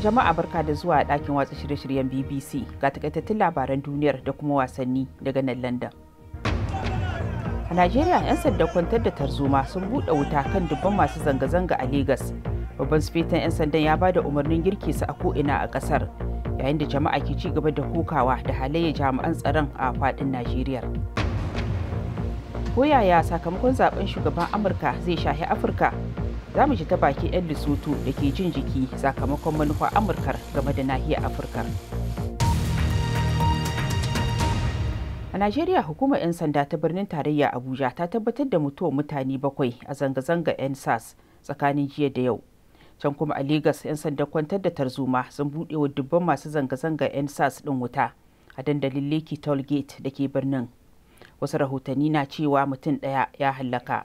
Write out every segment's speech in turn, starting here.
jama'a barka da zuwa ɗakin watsa shirye-shiryen BBC ga takaitattun labaran duniyar da kuma wasanni daga nan London. A Najeriya 'yan sanda kwantar da tarzoma sun buɗe wuta kan dubban masu zanga-zanga a Legas. Babban sufetan 'yan sandan ya bada umarnin girki su a ko'ina a ƙasar yayin da jama'a ke ci gaba da kokawa da halayyar jami'an tsaron a faɗin Najeriya. Koyaya sakamakon zaben shugaban Amurka zai shahi Afirka za mu ji ta baki 'yan lesotho da ke jin jiki sakamakon manufa amurkar game da nahiyar afirka a najeriya hukumar 'yan sanda ta birnin tarayya abuja ta tabbatar da mutuwar mutane bakwai a zanga-zanga 'yan sas tsakanin jiya da yau can kuma a Legas 'yan sanda kwantar da tarzoma sun buɗe wa dubban masu zanga-zanga 'yan sas ɗin wuta a dandalin leki toll gate da ke birnin wasu rahotanni na cewa mutum ɗaya ya hallaka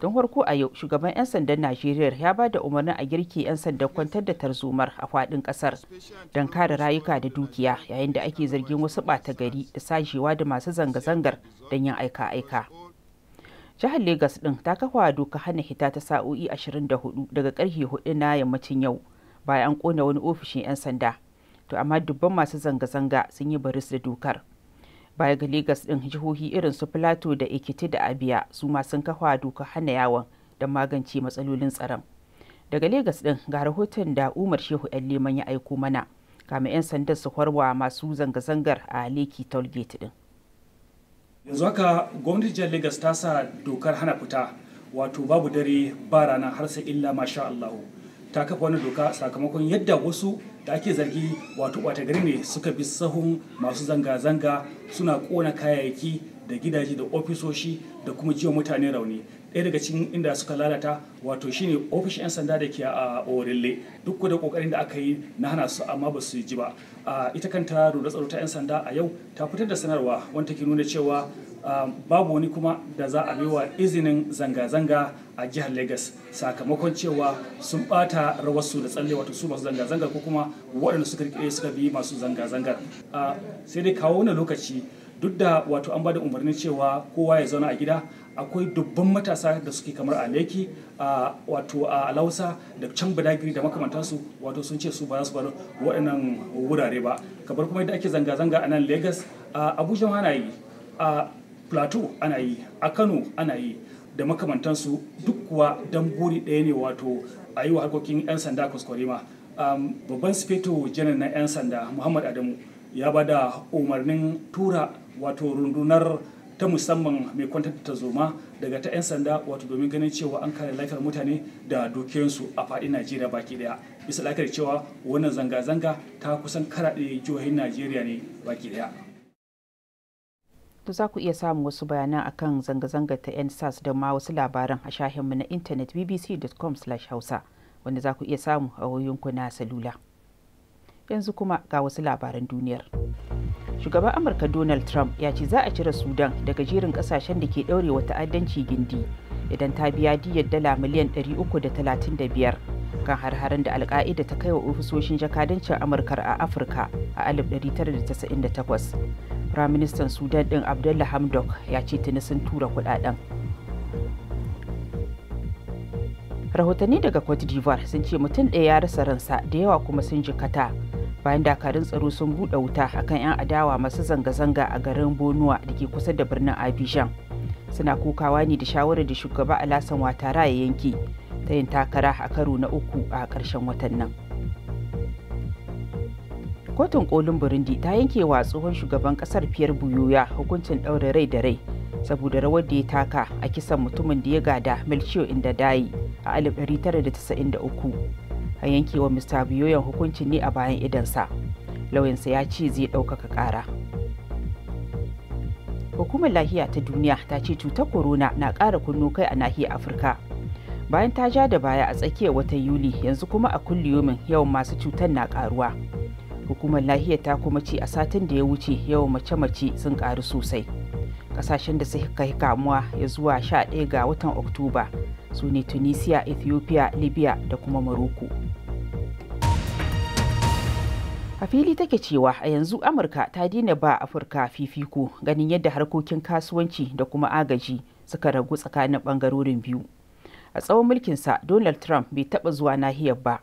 don farko a yau shugaban 'yan sandan najeriya ya ba da umarnin a girke 'yan sandan kwantar da tarzomar a fadin kasar don kare rayuka da dukiya yayin da ake zargin wasu ɓata gari da sajewa da masu zanga-zangar don yin aika-aika jihar Legas din ta kafa doka hana hita ta sa'o'i 24 daga karfe 4 na yammacin yau bayan an kona wani ofishin 'yan sanda to amma dubban masu zanga-zanga sun yi baris da dokar baya ga Legas ɗin jihohi irin su filato da Ekiti da abiya su ma sun kafa doka hana yawon don magance matsalolin tsaron. Daga Legas ɗin ga rahoton da Umar Shehu ‘yan Leman ya aiko mana kama 'yan sandan su horwa masu zanga-zangar a Leki Tollgate ɗin. Yanzu haka gwamnati jihar Legas ta sa dokar hana fita wato babu dare ba rana har sai illa masha Allahu. Ta kafa wani doka sakamakon yadda wasu da ake zargi wato ɓata gari ne suka bi sahun masu zanga-zanga suna kona kayayyaki da gidaje da ofisoshi da kuma jiwa mutane rauni ɗaya daga cikin inda suka lalata wato shine ofishin 'yan sanda da ke a orille duk da kokarin da aka yi na hana su amma ba su ji ba ita kanta rudar tsaro ta 'yan sanda a yau ta fitar da sanarwa wanda ke nuna cewa Um, babu wani kuma da za a baiwa izinin zanga-zanga a jihar Legas sakamakon cewa sun bata rawarsu da tsalle wato su masu zanga-zanga ko kuma waɗanda suka rike suka bi masu zanga-zangar uh, sai dai kawo wani lokaci duk da wato an bada umarnin cewa kowa ya zauna a gida akwai dubban matasa da suke kamar a leki a uh, wato a uh, alausa da can badagiri da makamantansu wato sun ce su ba su bar waɗannan wurare ba kamar kuma yadda ake zanga-zanga a nan a abuja hana yi plateau ana yi a kano ana yi da makamantansu duk kuwa don buri ɗaya ne wato a yi wa harkokin 'yan sanda kuskurema um, babban sifeto janar na 'yan sanda muhammad adamu ya ba da umarnin tura wato rundunar ta musamman mai kwantar ta zoma daga ta 'yan sanda wato domin ganin cewa an kare lafiyar mutane da dokiyansu a faɗin najeriya baki daya bisa lafiyar cewa wannan zanga-zanga ta kusan karaɗe jihohin najeriya ne baki daya to za ku iya samun wasu bayanan akan zanga zanga ta nsas da ma wasu labaran a shahinmu na intanet bbc.com hausa wanda za ku iya samu a wayoyinku na salula yanzu kuma ga wasu labaran duniyar shugaban amurka donald trump ya ce za a cire sudan daga jerin kasashen da ke wa ta'addanci gindi idan ta biya diyar dala miliyan 335 kan har-haren da alka'ida ta kai wa ofisoshin jakadancin amurkar a afirka a 1998 firaministan sudan din abdullah hamdok ya ce tuni sun tura kudaden rahotanni daga cote d'ivoire sun ce mutum ɗaya ya rasa ransa da yawa kuma sun jikata bayan dakarun tsaro sun buɗe wuta akan 'yan adawa masu zanga-zanga a garin bonuwa da ke kusa da birnin abidjan suna kokawa ne da shawarar da shugaba lasan wata ya yanke ta yin takara a karo na uku a ƙarshen watan nan. kotun kolin burundi ta yanke wa tsohon shugaban kasar fiyar buyoya hukuncin ɗaure rai da rai saboda rawar da ya taka a kisan mutumin da ya gada milcio inda dayi a 1993 a yankewa mr buyoyan hukuncin ne a bayan idansa lauyansa ya ce zai ɗaukaka ƙara hukumar lahiya ta duniya ta ce cutar corona na ƙara kunnu kai a nahiyar afirka bayan ta ja da baya a tsakiyar watan yuli yanzu kuma a kulliyomin yawan masu cutar na ƙaruwa hukumar lahiya ta kuma ce a satin da ya wuce yawan mace-mace sun karu sosai kasashen da suka yi kamuwa ya zuwa 11 ga watan oktoba su ne tunisia ethiopia libya da kuma morocco a fili take cewa a yanzu amurka ta dina ba afirka fifiko ganin yadda harkokin kasuwanci da kuma agaji suka ragu tsakanin bangarorin biyu a tsawon mulkinsa donald trump bai taba zuwa nahiyar ba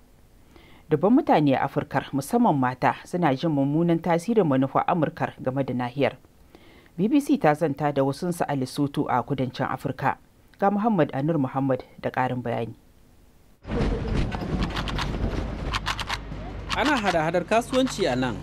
dubban mutane a afirkar musamman mata suna jin mummunan tasirin manufa amurkar game da nahiyar bbc ta zanta da wasu su a lesotho a kudancin afirka ga muhammad anur muhammad da karin bayani ana hada-hadar kasuwanci a nan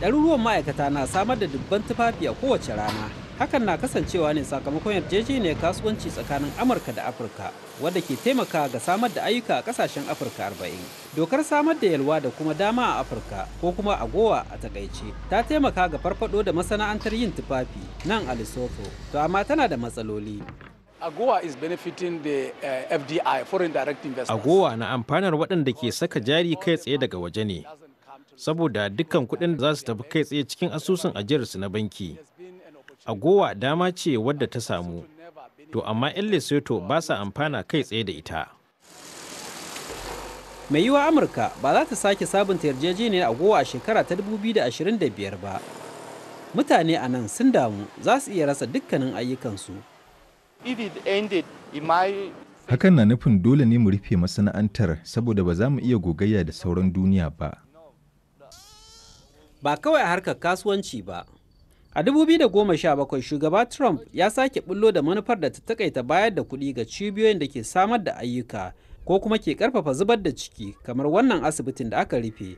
ɗaruruwan ma'aikata na samar da dubban tufafi a kowace rana hakan na kasancewa ne sakamakon yarjejeniyar kasuwanci tsakanin amurka da afirka wadda ke taimaka ga samar da ayyuka a kasashen afirka arba'in dokar samar da yalwa da kuma dama a afirka ko kuma agowa a takaice ta taimaka ga farfado da masana'antar yin tufafi nan a lesotho to amma tana da matsaloli agowa is benefiting the eh, fdi foreign na amfanar waɗanda ke saka jari kai tsaye daga waje ne saboda dukkan kuɗin da za su tafi kai tsaye cikin asusun ajiyarsu na banki agowa dama ce wadda ta samu to amma 'yan lesotho ba sa amfana kai tsaye da ita mai yiwa amurka ba za ta sake sabunta yarjejeniyar agowa a shekara ta 2025 ba mutane a nan sun damu za su iya rasa dukkanin ayyukansu hakan na nufin dole ne mu rufe masana'antar saboda ba za mu iya gogayya da sauran duniya ba ba kawai a harkar kasuwanci ba A 2017 shugaba Trump ya sake bullo da manufar da ta takaita bayar da kuɗi ga cibiyoyin da ke samar da ayyuka ko kuma ke ƙarfafa zubar da ciki kamar wannan asibitin da aka rufe.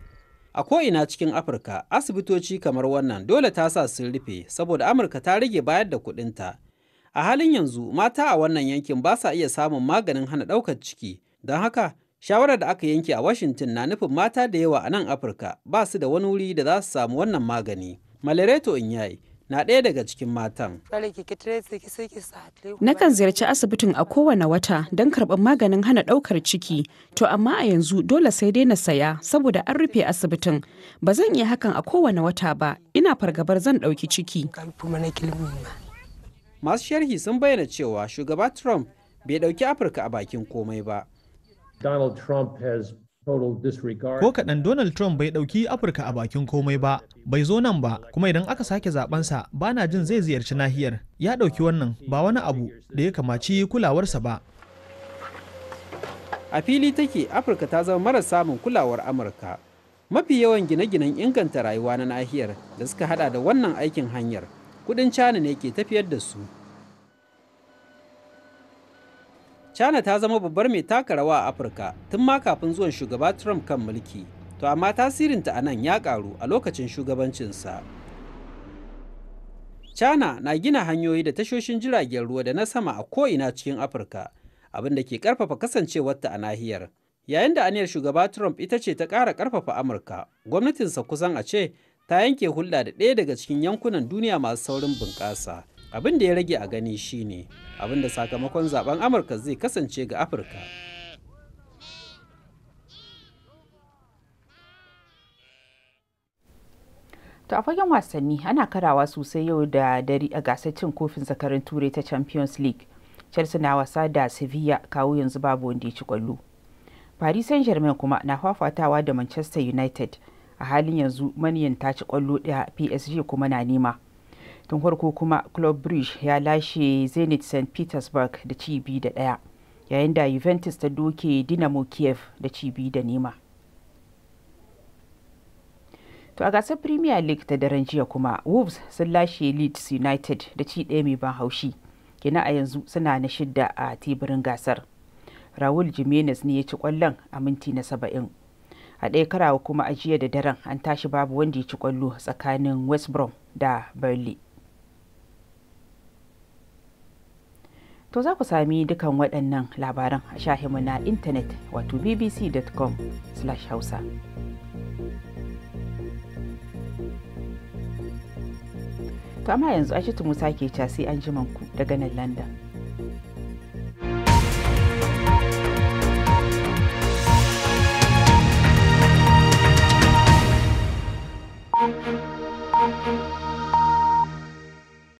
A ko'ina cikin Afirka asibitoci kamar wannan dole ta sa sun rufe saboda Amurka ta rage bayar da kuɗinta. A halin yanzu mata a wannan yankin ba sa iya samun maganin hana ɗaukar ciki don haka shawarar da aka yanke a Washington na nufin mata da yawa a nan Afirka ba su da wani wuri da za su samu wannan magani. Malereto yayi na ɗaya daga cikin matan. Nakan ziyarci asibitin a kowane wata don karɓar maganin hana ɗaukar ciki, to amma a yanzu dole sai dai na saya saboda an rufe asibitin. Ba zan iya hakan a kowane wata ba, ina fargabar zan ɗauki ciki. Masu sharhi sun bayyana cewa shugaba Trump bai ɗauki Afirka a bakin komai ba. Donald Trump has Ko kaɗan Donald Trump bai ɗauki Afirka a bakin komai ba, bai zo nan ba, kuma idan aka sake zaɓensa ba na jin zai ziyarci nahiyar. Ya ɗauki wannan ba wani abu da ya kamaci kulawarsa ba. A fili take Afirka ta zama mara samun kulawar Amurka. Mafi yawan gine-ginen inganta rayuwa na nahiyar da suka hada da wannan aikin hanyar, kuɗin ne ke tafiyar da su. china ta zama babbar mai taka rawa a afirka tun ma kafin zuwan shugaba trump kan mulki to amma tasirinta a nan ya karu a lokacin shugabancinsa china na gina hanyoyi da tashoshin jiragen ruwa da na sama a ko ina cikin afirka abin da ke karfafa kasancewarta a nahiyar yayin da aniyar shugaba trump ita ce ta ƙara karfafa amurka gwamnatinsa kusan a ce ta yanke hulɗa da ɗaya daga cikin yankunan duniya masu saurin bunƙasa abin da ya rage a gani shine abin da sakamakon zaben amurka zai kasance ga afirka ta a fagen wasanni ana karawa sosai yau da dare a gasar cin kofin zakarin turai ta champions league chelsea na wasa da sevilla kawo yanzu babu wanda ya ci kwallo paris saint germain kuma na fafatawa da manchester united a halin yanzu maniyan ta ci kwallo daya psg kuma na nema tun farko kuma club bridge ya lashe zenit st petersburg da cibi da daya yayin da juventus ta doke dinamo kiev da cibi da nema to a gasar premier league ta daren jiya kuma wolves sun lashe leeds united da ci ɗaya mai ban haushi gina a yanzu suna na shidda a teburin gasar raul jimenez ne ya ci kwallon a minti na saba'in a ɗaya karawa kuma a jiya da daren an tashi babu wanda ya ci kwallo tsakanin west brom da burnley To za ku sami dukan waɗannan labaran a shahimu na intanet wato bbc.com/hausa. To amma yanzu Aishatu Musa ke casi an ku daga nan Landan.